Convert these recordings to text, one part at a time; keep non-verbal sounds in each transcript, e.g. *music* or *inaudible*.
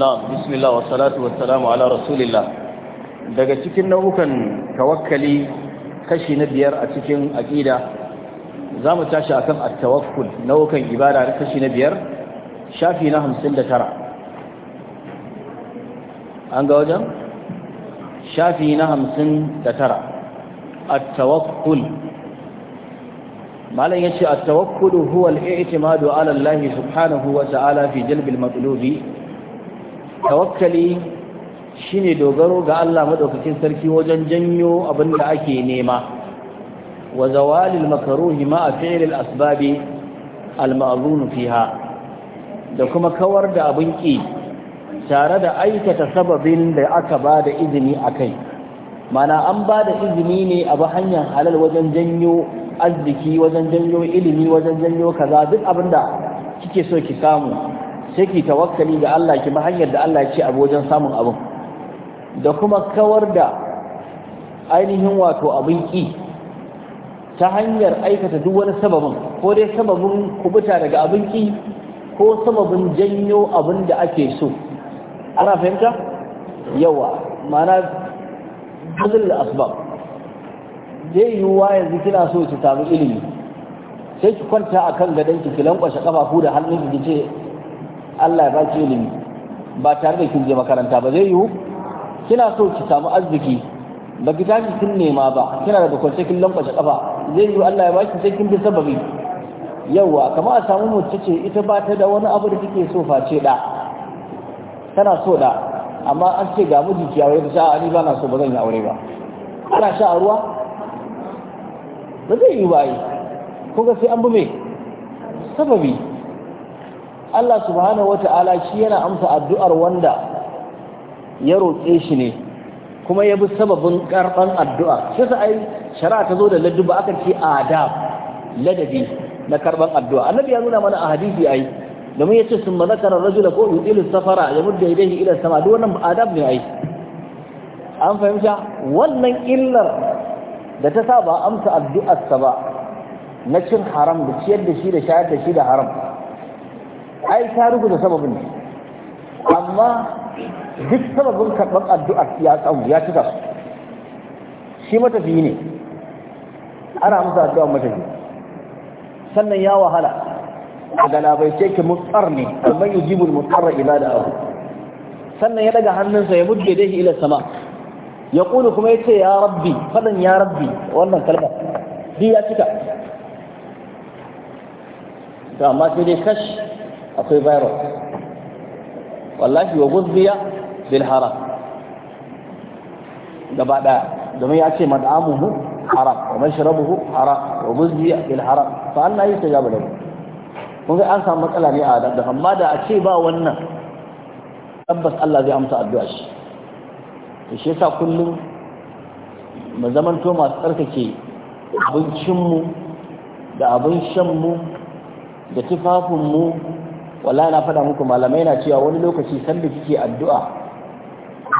na'am bismillah wa salatu wa ala rasulillah daga cikin nau'ukan tawakkali kashi na biyar a cikin aqida zamu tashi akan at-tawakkul nau'ukan ibada na kashi na biyar shafi na 59 an ga wajen shafi na 59 at-tawakkul malam yace at-tawakkul huwa al-i'timadu ala Allah subhanahu wa ta'ala fi jalb al tawakkali shine dogaro ga Allah madaukakin sarki wajen janyo abin ake nema wa zawalil makruhi ma fi'l al asbabi al ma'zun fiha da kuma kawar da abin ki tare da aikata sababin da aka bada izini akai mana an bada izini ne abu hanyar halal wajen janyo arziki wajen janyo ilimi wajen janyo kaza duk abinda kike so ki samu sai ki tawakkali ga Allah ki ma hanyar da Allah ya ce a wajen samun abin da kuma kawar da ainihin wato abin ki ta hanyar aikata duk wani sababin ko dai sababin kubuta daga abin ki ko sababin janyo abin da ake so ana fahimta yawa mana bazil asbab zai yiwuwa yanzu kina so ki samu ilimi sai ki kwanta akan gadon ki ki lankwashe kafafu da hannun ki ce Allah ya baki ilimi ba tare da kin je makaranta ba zai yiwu kina so ki samu arziki ba ki tashi kin nema ba kina da kwance kin lambata kafa zai yiwu Allah ya baki sai kin bi sababi yawa kamar a samu mace ce ita ba ta da wani abu da kike so face da tana so da amma an ce ga miji ki aure ta a ni ba na so ba zan yi aure ba kana sha a ruwa ba zai yi ko ga sai an bi me sababi Allah subhanahu wata'ala shi yana amsa addu'ar wanda ya roƙe shi ne kuma ya bi sababin karɓan addu'a shi sa ai shari'a ta zo da ba aka ce adab ladabi na karɓan addu'a annabi ya nuna mana a hadisi ai domin ya ce sun ma zakara rajula ko yudilu safara ya mudda yadayhi ila sama duk wannan adab ne ai an fahimta wannan illar da ta sa ba amsa addu'arsa ba na cin haram da ciyar da shi da shayar da shi da haram ai ta da sababin amma duk sababin karɓar addu'a ya tsawo ya cika su shi matafiyi ne ana masa addu'a matafiyi sannan ya wahala a ce ki mutsar ne amma yi jibin mutsarra ibada abu sannan ya daga hannunsa ya mudde da shi ila sama ya kulu kuma ya ce ya rabbi faɗin ya rabbi wannan kalma bi ya cika to amma sai dai kashi akwai virus wallahi wa guzziya bil haram gaba daya domin ya ce mad'amuhu haram wa mashrabuhu haram wa guzziya bil haram fa Allah ya tajaba lahu kun ga an samu matsala ne a adam da amma da a ce ba wannan tabbas Allah zai amsa addu'a shi to shi yasa kullum mu zamanto masu tsarkake abincinmu da abin shanmu da tufafinmu wallahi na faɗa muku malamai na cewa wani lokaci sanda kike addu'a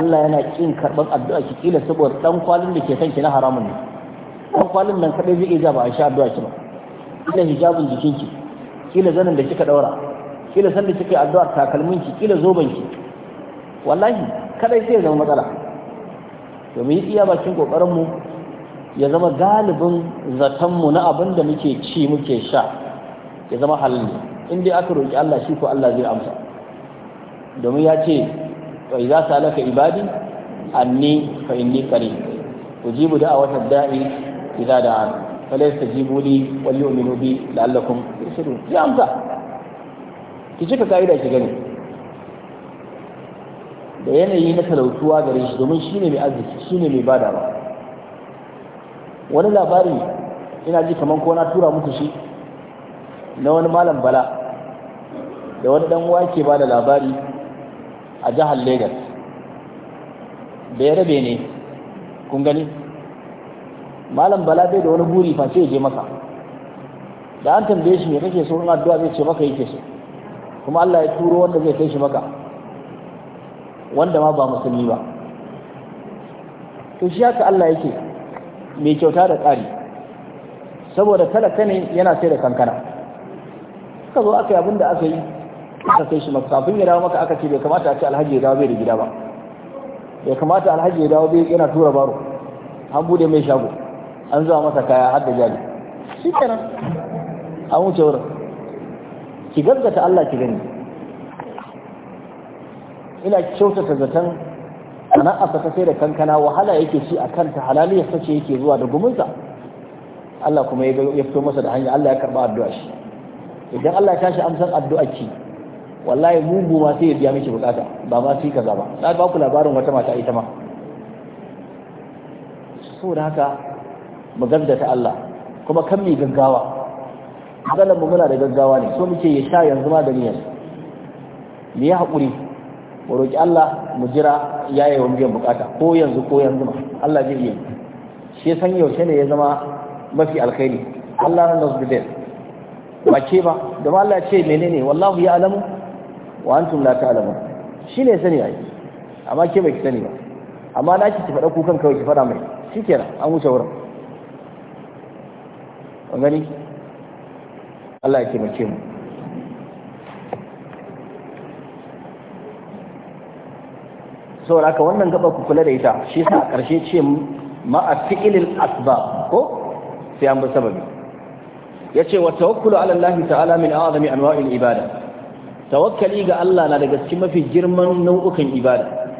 Allah yana kin karban addu'a ki kila saboda dan kwalin da ke kan ki na haramun ne dan kwalin nan kadai zai iya ba a sha addu'a ki ba kila hijabun jikin ki kila zanin da kika daura kila sanda kike addu'a takalmin ki kila zoban ki wallahi kadai sai zama matsala to mu yi iya bakin kokarin mu ya zama galibin zaton mu na abin da muke ci muke sha ya zama halal ne in aka roƙi Allah shi ko Allah zai amsa domin ya ce wai za su salaka ibadi anni fa inni qarib ujibu wata da'i da idza da'an fala yastajibu li wal yu'minu bi la'allakum turshudun ya amsa ki cika kaida ki gani da yanayi na talautuwa gare shi domin shi ne mai arziki ne mai bada ba. wani labari ina ji kaman ko na tura muku shi na wani malam bala da wani dan ke ba da labari a jihar lagos bai rabe ne kun gani malam bala bai da wani buri fa ya je maka da an tambaye shi me kake so in addu'a zai ce maka yake so kuma Allah ya turo wanda zai kai shi maka wanda ma ba musulmi ba to shi haka Allah yake mai kyauta da tsari saboda kada kane yana sai da kankana suka zo aka yi abin da aka yi aka kai shi kafin ya dawo maka aka ce bai kamata a ce alhaji ya dawo bai da gida ba bai kamata alhaji ya dawo bai yana tura baro an bude mai shago an zuwa masa kaya har da jari shi kenan an wuce wurin ki gaggata Allah ki gani ina kyautata zaton a ta sai da kankana wahala yake ci a kanta halaliyar sace yake zuwa da gumunsa Allah kuma ya fito masa da hanya Allah ya karba addu'a shi idan Allah ya tashi amsan addu'a ki wallahi mugu ma sai ya biya miki bukata ba ma sai kaza ba na ba ku labarin wata mata ita ma So da haka mu ta Allah kuma kan mi gaggawa magana mu muna da gaggawa ne so muke ya sha yanzu ma da niyyar mu yi haƙuri mu roƙi Allah mu jira wa biyan bukata ko yanzu ko yanzu ma Allah zai yi shi san yaushe ne ya zama mafi alkhairi Allah na nasbi ba ke ba da Allah ce menene wallahu ya alamu wa antum la ta'lamun shi ne sani ai amma ke ki sani ba amma na ki fada kukan kawai ki fada mai shikenan an wuce wurin an gani Allah ya mace mu saboda haka wannan gaba ku kula da ita shi sa a ƙarshe ce ma'a fi'ilil asbab ko sai an bi sababi yace wa tawakkulu ala Allah ta'ala min a'zami anwa'il ibada tawakkali ga Allah na daga cikin mafi girman nau'ukan ibada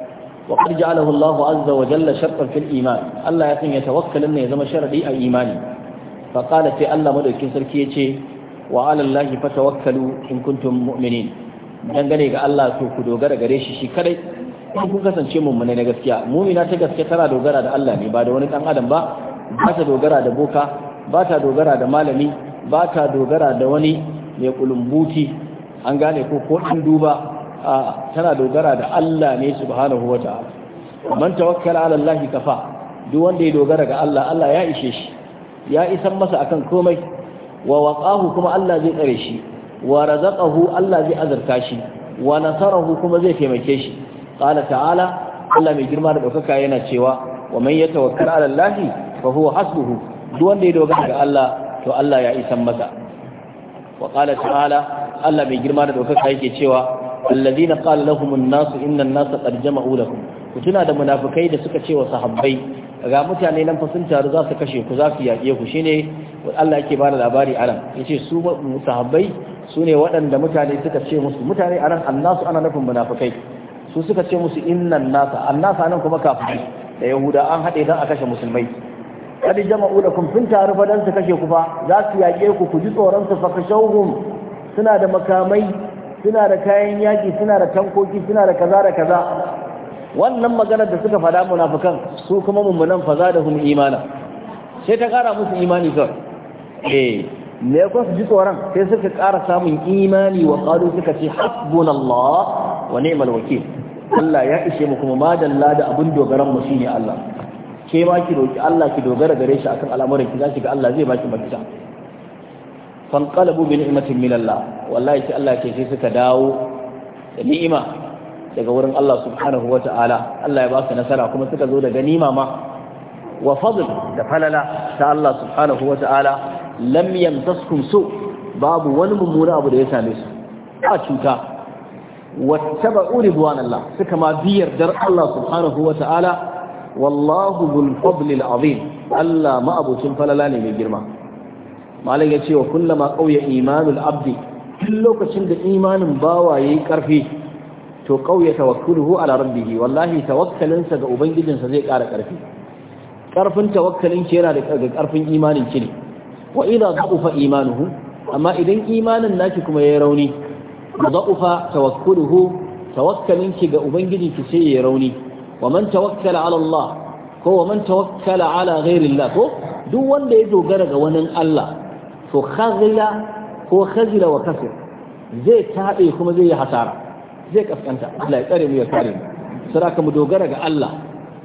wa qad ja'alahu Allah azza wa jalla shartan fil iman Allah ya sanya tawakkalin ne ya zama sharadi a imani fa qala sai Allah madaukin sarki yace wa ala Allah fatawakkalu in kuntum mu'minin dangane ga Allah to ku dogara gare shi shi kadai in kun kasance mummune na gaskiya mumina ta gaskiya tana dogara da Allah ne ba da wani dan adam ba ba ta dogara da boka ba ta dogara da malami ba ta dogara da wani mai ƙulumbuki an gane ko ko ɗan duba a tana dogara da Allah ne subhanahu wa ta'ala man tawakkala ala Allah kafa duk wanda ya dogara ga Allah Allah ya ishe shi ya isan masa akan komai wa waqahu kuma Allah zai tsare shi wa razaqahu Allah zai azarta shi wa nasarahu kuma zai taimake shi qala ta'ala Allah mai girma da ɗaukaka yana cewa wa man yatawakkal ala Allah fa huwa hasbuhu duk wanda ya dogara ga Allah to Allah ya isan masa wa qala ta'ala Allah mai girma da daukaka ke cewa alladhina qala lahum an-nasu inna an-nasa qad jama'u lakum ku tuna da munafikai da suka ce wa sahabbai ga mutane nan fa sun taru za su kashe ku za su yaƙe ku shine Allah yake bada labari anan yace su sahabbai su ne waɗanda mutane suka ce musu mutane anan annasu ana nufin munafikai su suka ce musu innan nasa annasa nan kuma kafirai da yahuda an haɗe don a kashe musulmai kad jama'u lakum sun taru fa dan su kashe ku fa za su yaƙe ku ku ji tsoron su fakashawhum suna da makamai suna da kayan yaki, suna da tankoki suna da kaza da kaza wannan maganar da suka faɗa munafikan su kuma mummunan faza da hum imana sai ta ƙara musu imani kawai eh me ko su ji tsoron sai suka ƙara samun imani wa qalu suka ce hasbunallah wa ni'mal wakil Allah ya ishe mu kuma madalla da abin dogaran mu shine Allah ke ma ki roki Allah ki dogara gare shi akan al'amuran ki zaki ga Allah zai baki mafita fanqalabu bi ni'matin min Allah wallahi sai Allah ke sai suka dawo da ni'ima daga wurin Allah subhanahu ta'ala. Allah ya ba su nasara kuma suka zo da ganima ma wa fadl da falala ta Allah subhanahu ta'ala. lam yamtaskum su babu wani mummuna abu da ya same su a cuta wattaba'u ridwanallah suka ma biyar dar Allah subhanahu ta'ala? wallahu dhul fadli azim Allah ma'abucin falala ne mai girma malam ya ce wa kullama qawya imanul abdi duk lokacin da imanin bawa yayi karfi to qawya tawakkuluhu ala rabbih wallahi tawakkalinsa ga ubangijinsa zai ƙara karfi karfin tawakkalin ki yana da karfin imanin ki ne wa idza da'ufa imanuhu amma idan imanin naki kuma yayi rauni da'ufa tawakkuluhu tawakkalin ki ga ki sai yayi rauni wa man tawakkala ala Allah ko wa man tawakkala ala ghairi Allah ko duk wanda ya dogara ga wani Allah to khazila ko khazila wa kafir zai tabe kuma zai yi hasara zai kaskanta Allah ya tsare mu ya kare mu aka mu dogara ga Allah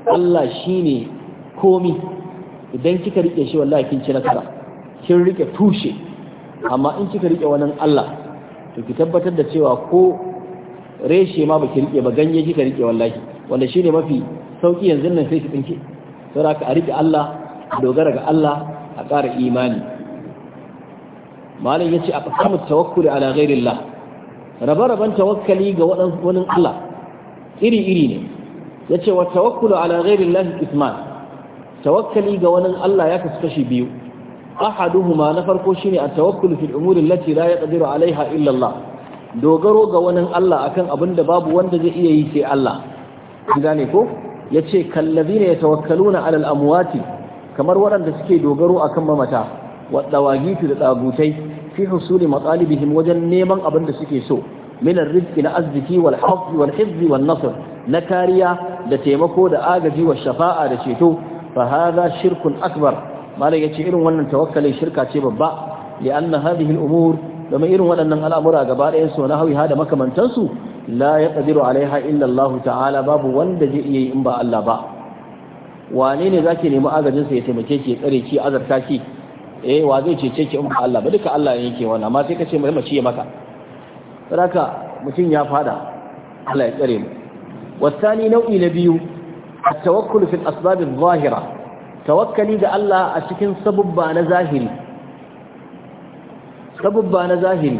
Allah shine komi idan kika rike shi wallahi kin ci nasara kin rike tushe amma in kika rike wannan Allah to ki tabbatar da cewa ko reshe ma baki rike ba ganye kika rike wallahi wanda ne mafi sauƙi yanzu nan sai ki tsinke saboda ka rike Allah a dogara ga Allah a ƙara imani malam yace a kasamu tawakkuli ala ghairillah rabe-raben tawakkali ga wani Allah iri-iri ne Ya ce wa tawakkulu ala ghairillah isman tawakkali ga wani Allah ya kasu kashi biyu ahaduhuma na farko shine at-tawakkul fil umuri allati la yaqdiru alaiha illa Allah dogaro ga wani Allah akan abin da babu wanda zai iya yi sai Allah an gane ko ya ce kallabi ne ya tawakkalu na alal amuwati kamar waɗanda suke dogaro akan mamata wagitu da tsagutai fi husuli matsalibihim wajen neman abin da suke so minan arziki na arziki wal hafi wal hizbi wal nasr na kariya da taimako da agaji wa shafa'a da ceto fa hadha shirkun akbar malai yace irin wannan tawakkali shirka ce babba li'anna hadhihi al umur domin irin waɗannan al'amura gaba so na hawi da makamantansu la ya ƙadiru alaiha illallahu ta'ala babu wanda zai iya yi in ba Allah ba wane ne zaki nemi agajinsa ya taimake ki ya tsare ki azarta ki eh wa zai cece ki in ba Allah ba duka Allah ne yake wannan amma sai ka ce mai ya maka saboda mutum ya fada Allah ya tsare mu wasani nau'i na biyu at-tawakkul fi al-asbab adh-dhahira tawakkali ga Allah a cikin sabubba na zahiri sabubba na zahiri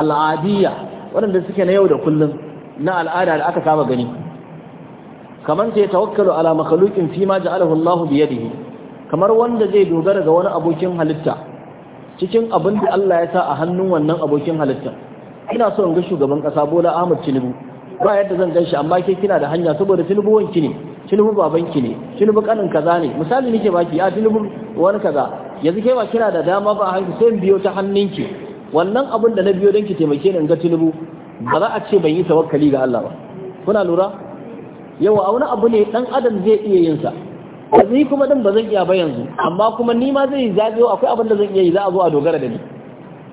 al'adiyya waɗanda suke na yau da kullum na al'ada da aka saba gani kamar sai tawakkalu ala makhluqin fi ma ja'alahu Allahu bi yadihi kamar wanda zai dogara ga wani abokin halitta cikin abin da Allah ya sa a hannun wannan abokin halitta ina so in ga shugaban kasa Bola Ahmad Tinubu ba yadda zan ganshi amma ke kina da hanya saboda Tinubu wanki ne Tinubu babanki ne Tinubu kanin kaza ne misali nake baki a ah, Tinubu wani kaza yanzu kai ba kina da dama ba a hanki sai biyo ta hannunki wannan abin da na biyo don ki taimake ni in ga tinubu ba za a ce ban yi tawakkali ga Allah ba kuna lura yawa a wani abu ne dan adam zai iya yin sa ni kuma dan ba iya ba yanzu amma kuma ni ma zai zagayo akwai abin da zan iya yi za a zo a dogara da ni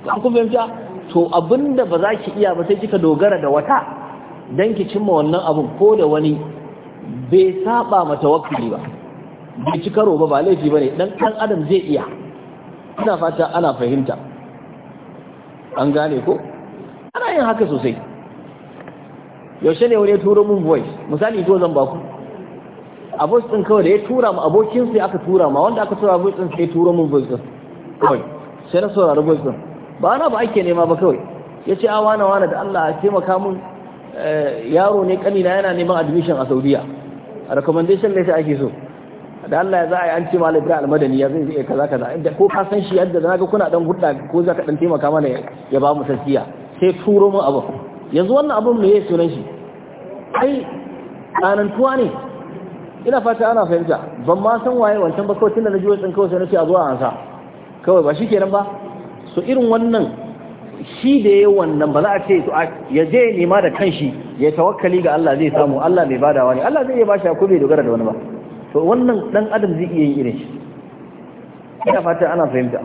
an kuma fahimta to abin da ba za ki iya ba sai kika dogara da wata dan ki cimma wannan abin ko da wani bai saba ma tawakkali ba bai ci karo ba ba laifi bane dan dan adam zai iya ina fata ana fahimta an gane ko ana yin haka sosai yaushe ne wani ya turo mun voice misali to zan baku a voice din kawai da ya tura mu abokin sai aka tura ma wanda aka tura voice din sai ya turo mun voice din kawai sai na saurari voice din ba na ba ake nema ba kawai ya ce awa na wani da Allah ya taimaka mun eh, yaro ne kanina yana neman admission a Saudiya a recommendation ne sai ake so da Allah ya za a yi an ce ma Ibrahim Almadani ya zai iya kaza kaza inda ko ka san shi yadda naga kuna dan hudda ko za ka dan taimaka mana ya ba mu sassiya sai turo mu abu yanzu wannan abun me yake sunan shi ai tsanantuwa ne ina fata ana fahimta ban ma san waye wancan ba kawai tunda na ji wancan kawai sai na ce a zuwa an sa kawai ba shi kenan ba so irin wannan shi da ya wannan ba za a ce ya je nema da kanshi ya tawakkali ga Allah zai samu Allah mai badawa ne Allah zai iya bashi ko bai dogara da wani ba to wannan dan adam zai iya yin irin shi ina fata ana fahimta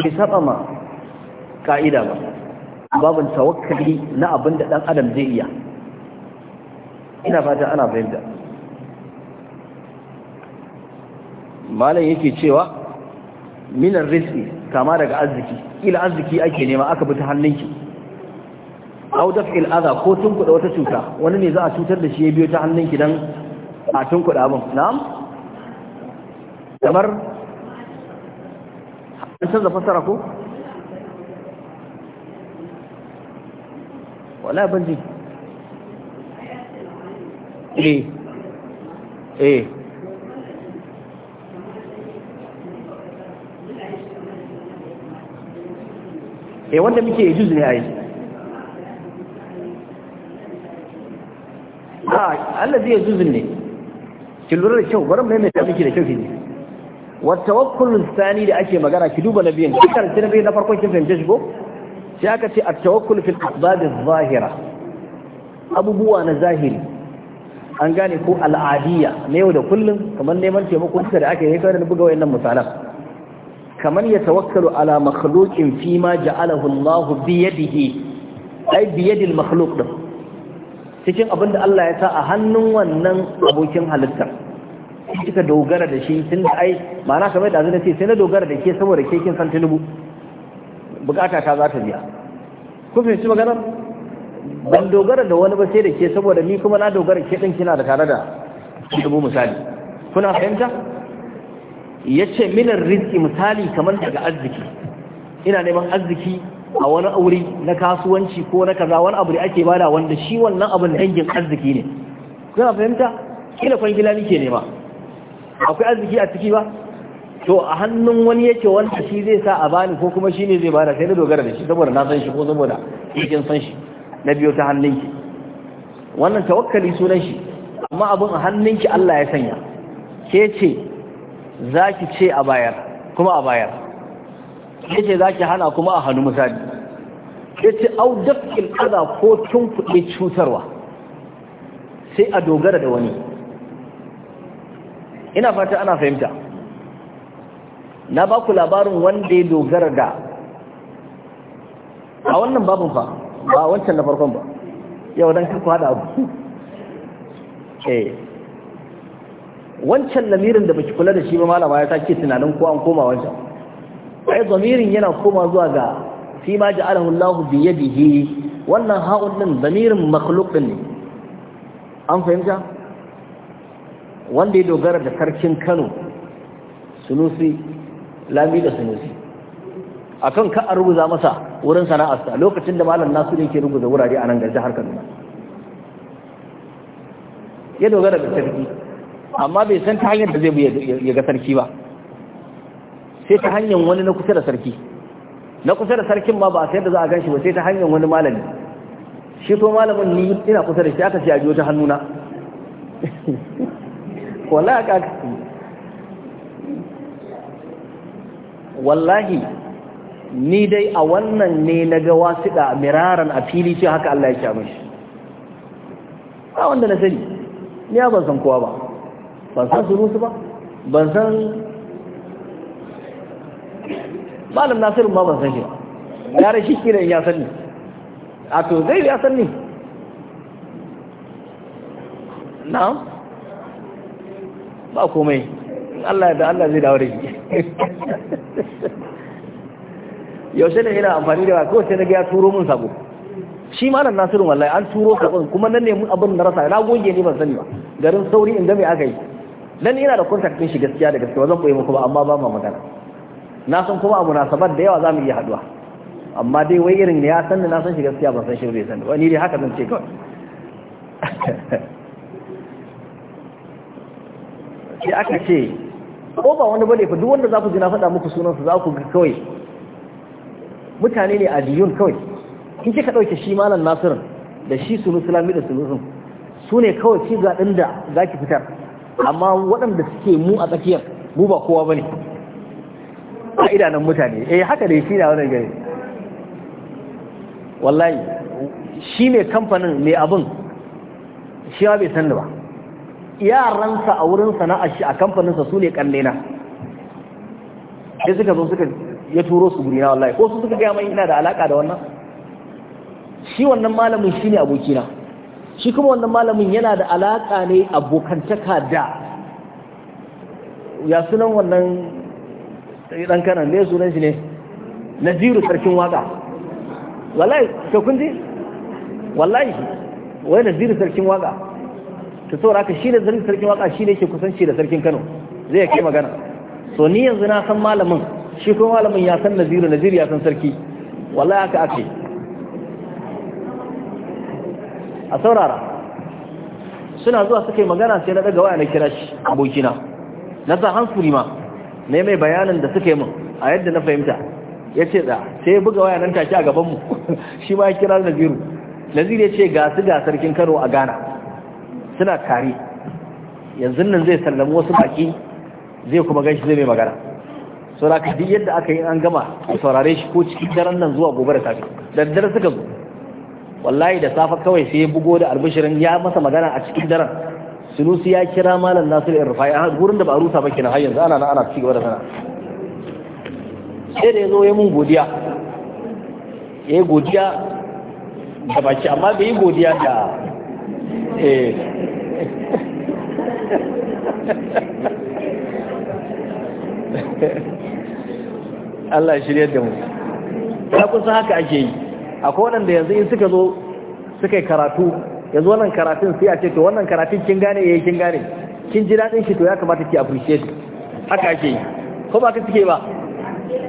bai saba ma ka'ida ba babin tawakkali na abin da dan adam zai iya ina fata ana fahimta malam yake cewa minan rizki kama daga arziki ila arziki ake nema aka bi ta hannunki au daf'il adha ko da wata cuta wani ne za a cutar da shi ya biyo ta hannunki dan a tun kuɗa abin na'am kamar an canza fasara ko wala banji eh eh eh wanda muke juz ne a ah, yi ah allazi yajuz ne ki lura da kyau bari mai maimaita miki da kyau kiji wa tawakkul Sani da ake magana ki duba nabiyin ki karanta nabiyin na farkon kin fahimce shi ko sai aka ce at-tawakkul fil asbab adh abubuwa na zahiri an gane ko al'adiyya na yau da kullum kamar neman taimako duka da ake yi kawai da buga wayannan misalan kamar ya tawakkalu ala makhluqin fi ma ja'alahu Allah bi yadihi ay bi yadil makhluq din cikin abin da Allah ya sa a hannun wannan abokin halittar kika dogara da shi tun da ai ma'ana kamar da zai ce sai na dogara da ke saboda ke kin san tunubu bukata ta za ta biya ku fahimci maganar ban dogara da wani ba sai da ke saboda ni kuma na dogara ke din kina da tare da tunubu misali kuna fahimta yace min arziki misali kamar daga arziki ina neman arziki a wani aure na kasuwanci ko na kaza wani abu da ake bada wanda shi wannan abin dangin arziki ne kuna fahimta kila kwangila nike nema akwai arziki a ciki ba to a hannun wani yake wanda shi zai sa a bani ko kuma shi ne zai bada sai na dogara da shi saboda na san shi ko saboda yakin san shi na biyo ta hannunki wannan tawakkali sunan shi amma abin a hannunki Allah ya sanya ke ce za ki ce a bayar kuma a bayar yace zaki hana kuma a hannu misali yace au dafil kaza ko tun kuɗe cutarwa sai a dogara da wani ina fata ana fahimta na ba ku labarin wanda ya dogara da a wannan babin fa ba wancan na farkon ba yau dan kakku hada abu *laughs* eh wancan lamirin da baki kula da shi ba malama ya sake tunanin ko an koma wancan ai zamirin yana koma zuwa ga fi ma ja'alahu Allahu bi yadihi wannan ha'un din zamirin makhluqin ne an fahimta wanda ya dogara da sarkin Kano Sunusi Lami da Sunusi akan ka a rubuta masa wurin sa lokacin da malam nasu ne ke rubuta wurare a nan ga jihar Kaduna ya dogara da sarki amma bai san ta hanyar da zai ya ga sarki ba sai ta hanyar wani na kusa da sarki na kusa da sarkin ma ba a da za a ganshi ba sai ta hanyar wani malami shi to malamin ni ina kusa da shi aka ce a biyo ta hannuna *laughs* wallahi aka wallahi ni dai a wannan ne na ga da miraran a fili ce haka Allah ya kyamu shi a wanda na sani ni ya ban san kowa ba ban san surusu ba ban san malam nasiru ma ban san shi ba ya rashi kira ya sanni a to zai ya sanni? na ba komai Allah da Allah zai dawo da shi *laughs* yaushe ne ina amfani da ko sai na ga ya turo mun sabo shi malam nasiru wallahi an turo sabon kuma nan ne mun abin na rasa na goge ne ban sani ba garin sauri inda mai aka yi nan ina da kontakt din shi gaskiya da gaskiya zan koyi muku ba amma ba ma magana na san kuma a munasabar da yawa za mu iya haduwa amma dai wai irin ya san da na san shi gaskiya ban san shi bai san wani dai haka zan ce kawai *laughs* sai aka ce ko ba wani bane fa duk wanda za ku ji na faɗa muku sunansa za ku ga kawai mutane ne a diyun kawai in kika ɗauke shi malam nasirin da shi sunu sulami da sun su ne kawai ci ga da za ki fitar amma waɗanda suke mu a tsakiyar mu ba kowa ba ne a idanun mutane eh haka dai shi na wannan gari wallahi shi ne kamfanin mai abin shi bai san ba yaransa a wurin sana'ar shi a kamfaninsa su ne kallena sai suka zo suka ya turo su gurina wallahi ko su suka gaya mai ina da alaka da wannan shi wannan malamin shi ne abokina shi kuma wannan malamin yana da alaka ne abokantaka da ya sunan wannan sai dan kanan ne sunan shi ne naziru sarkin waka wallahi to kun ji wallahi wai naziru sarkin waka to saboda haka shi naziru sarkin waka shi ne yake kusanci da sarkin Kano zai kai magana so ni yanzu na san malamin shi kuma malamin ya san naziru naziru ya san sarki wallahi haka ake a saurara suna zuwa suka yi magana sai na daga waya na kira shi abokina na sa hansuri ma ne mai bayanin da suke min a yadda na fahimta ya ce da sai buga waya nan tashi a gabanmu *laughs* shi ma ya kira naziru naziru ya ce gasu ga sarkin kano a ghana suna tare yanzu nan zai sallami wasu baki zai kuma gan shi zai mai magana ka duk yadda aka yi an gama a saurare shi ko cikin daren nan zuwa gobe da safe daddare suka zo wallahi da safe kawai sai ya bugo da albishirin ya masa magana a cikin daren sunusi ya kira malam nasir rufai a gurin da ba a rusa ba kenan har yanzu ana na ana ci gaba da sana sai da ya zo ya mun godiya ya yi godiya da baki amma bai yi godiya da eh *laughs* Allah shirya da mu ta kusa haka ake yi akwai waɗanda yanzu in suka zo suka yi karatu yanzu wannan karatun sai a ce to wannan karatun kin gane yayi eh, kin gane kin ji dadin shi to ya kamata ki appreciate haka ake yi ko ba ka suke ba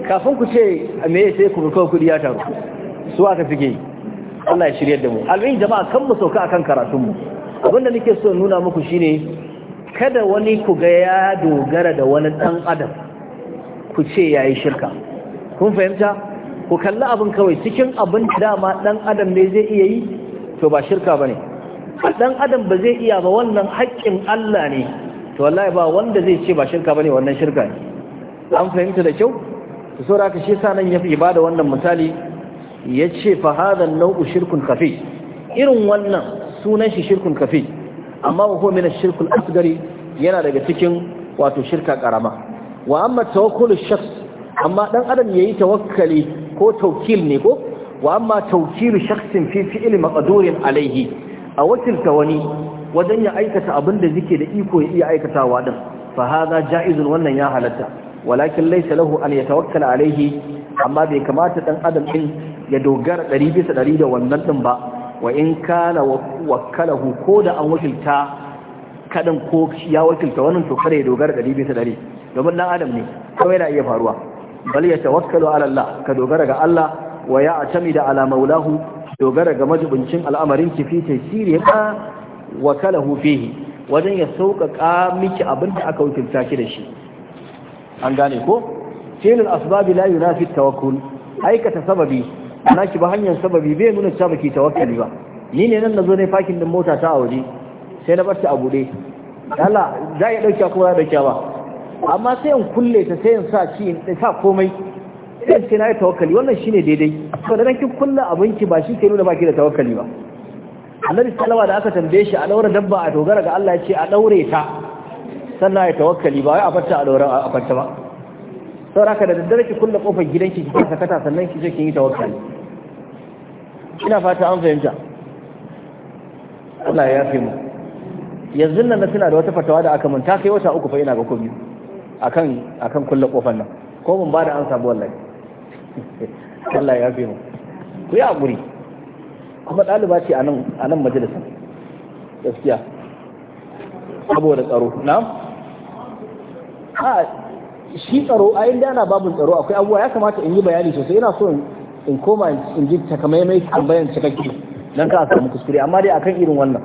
kafin ku ce me sai ku rufe kudi ya taru su aka suke yi Allah ya shiryar da mu alwin jama'a kan mu sauka akan karatun mu da nake so nuna muku shine kada wani ku ga ya dogara da wani dan adam ku ce yayi shirka kun fahimta ku kalli abin kawai cikin abin dama dan adam ne zai iya yi to ba shirka bane dan adam ba zai iya ba wannan haƙƙin Allah ne to wallahi ba wanda zai ce ba shirka bane wannan shirka ne an fahimta da kyau to saboda haka shi yasa nan ya fi bada wannan misali yace fa hadha nau'u shirkun khafi irin wannan sunan shi shirkun khafi amma huwa min ash shirkul asghari yana daga cikin wato shirka karama wa amma tawakkulu shakhs amma dan adam yayi tawakkali ko tawkil ne ko wa amma tawkilu shakhsin fi fi'li maqdurin alayhi a wakilta wani wajen ya aikata abin da zike da iko ya iya aikatawa din fa hadha ja'izun wannan ya halatta walakin laysa lahu an yatawakkala alaihi amma bai kamata dan adam din ya dogara 100 bisa 100 da wannan din ba wa in kana wakkalahu ko da an wakilta kadan ko ya wakilta wannan to kare ya dogara 100 bisa 100 domin dan adam ne kawai yana iya faruwa bal yatawakkalu ala Allah ka dogara ga Allah wa ya atamida ala maulahu dogara ga majibincin al'amarin ki fi tasiri ma wa kalahu fihi wajen ya sauƙaƙa miki abin da aka wakilta ki da shi an gane ko filin asbabi la yunafi tawakkul aikata sababi ana ki ba hanyar sababi bai nuna cewa baki tawakkali ba ni ne nan nazo ne fakin din mota ta waje? sai na bar ta a buɗe Allah za ya dauke kuma za dauke ba amma sai in kulle ta sai in sa ci in sa komai sai ce na yi tawakkali wannan shine daidai to da kin kulla abinki ba shi ke nuna baki da tawakkali ba annabi sallama da aka tambaye shi a daura dabba a dogara ga Allah ya ce a daure ta sannan ya tawakkali ba wai a fata a daura a fata ba haka da daddare ki kulla kofar gidanki ki kasa kata sannan ki je ki yi tawakkali ina fata an fahimta Allah ya fi mu yanzu nan na tana da wata fatawa da aka mun ta kai wata uku fa ina ga biyu akan akan kulla kofar nan ko mun ba da an sabuwar wallahi Allah ya fi mu ku yi haƙuri kuma ɗaliba ce a nan majalisar gaskiya saboda tsaro na a shi tsaro a inda yana babu tsaro akwai abubuwa ya kamata in yi bayani sosai ina so in koma in ji mai tambayan cikakke don ka samu kuskure amma dai akan irin wannan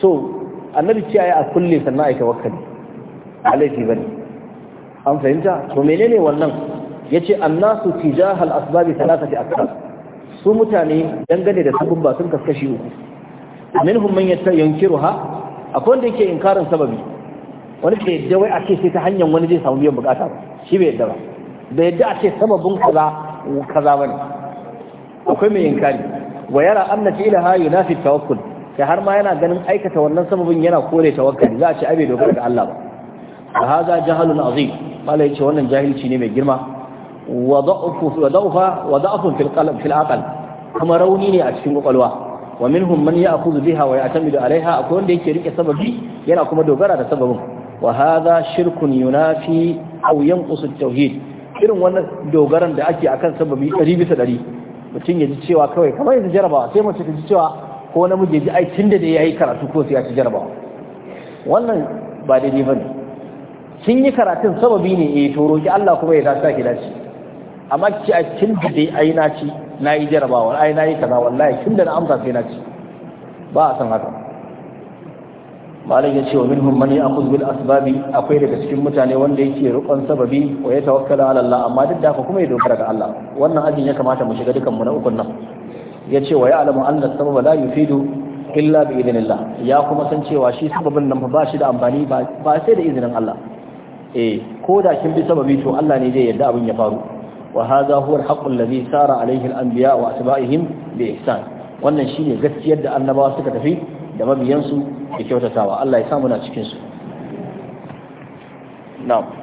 so annabi ce ya a kulle sannan a wakali. alaifi bane an fahimta to menene wannan Ya ce annasu tijaha al-asbabi thalathati akthar su mutane dangane da sabon ba sun kaskashi uku minhum man yankiruha akwai wanda yake inkarin sababi wani ke yadda wai ake sai ta hanyar wani zai samu biyan bukata ba shi bai yadda ba da yadda a ake sababin kaza kaza bane akwai mai inkari wa yara anna fi'laha yunafi tawakkul sai har ma yana ganin aikata wannan sababin yana kore tawakkali za a ce abe dogara ga Allah ba fa hadha jahalun azim malai ce wannan jahilci ne mai girma wa da'afun fil aqal kuma rauni ne a cikin kwakwalwa wa minhum man ya'khudhu biha wa ya'tamidu alaiha akwai wanda yake rike sababi yana kuma dogara da sababin wa hadha shirkun yunafi aw yanqus at-tauhid irin wannan dogaran da ake akan sababi 100 bisa 100 mutum ya ji cewa kawai kamar yanzu jarabawa sai mace ta ji cewa ko namiji ya ji ai tunda da yayi karatu ko sai ya ci jarabawa wannan ba daidai bane kin yi karatun sababi ne eh to roki Allah kuma ya dace ki dace amma ki a kin da dai ai na ci na yi jarabawa ai na yi kaza wallahi kin da na amsa sai na ci ba a san haka malam ya ce wa minhum man ya'khudh bil asbabi akwai daga cikin mutane wanda yake rukon sababi wa ya tawakkala ala Allah amma duk da haka kuma ya dogara ga Allah wannan ajin ya kamata mu shiga dukan mu na ukun nan ya ce wa ya'lamu anna sababa la yufidu illa bi idnillah ya kuma san cewa shi sababin nan ba shi da amfani ba sai da izinin Allah eh ko da kin bi sababi to Allah ne zai yarda abin ya faru وهذا هو الحق الذي سار عليه الأنبياء وأتباعهم بإحسان wannan shine gaskiyar da annabawa suka tafi da mabiyansu da kyautatawa Allah ya samu na cikin su na'am